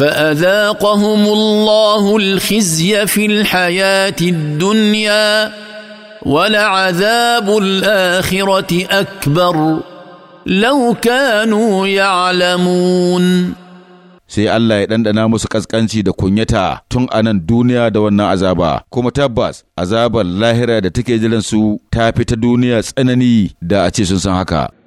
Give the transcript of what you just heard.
فاذاقهم الله الخزي في الحياه الدنيا ولعذاب الاخره اكبر لو كانوا يعلمون sai Allah ya ɗanɗana musu ƙasƙanci da kunyata tun a nan duniya da wannan azaba, kuma tabbas azabar lahira da take jiransu ta tafi ta duniya tsanani da a ce sun san haka.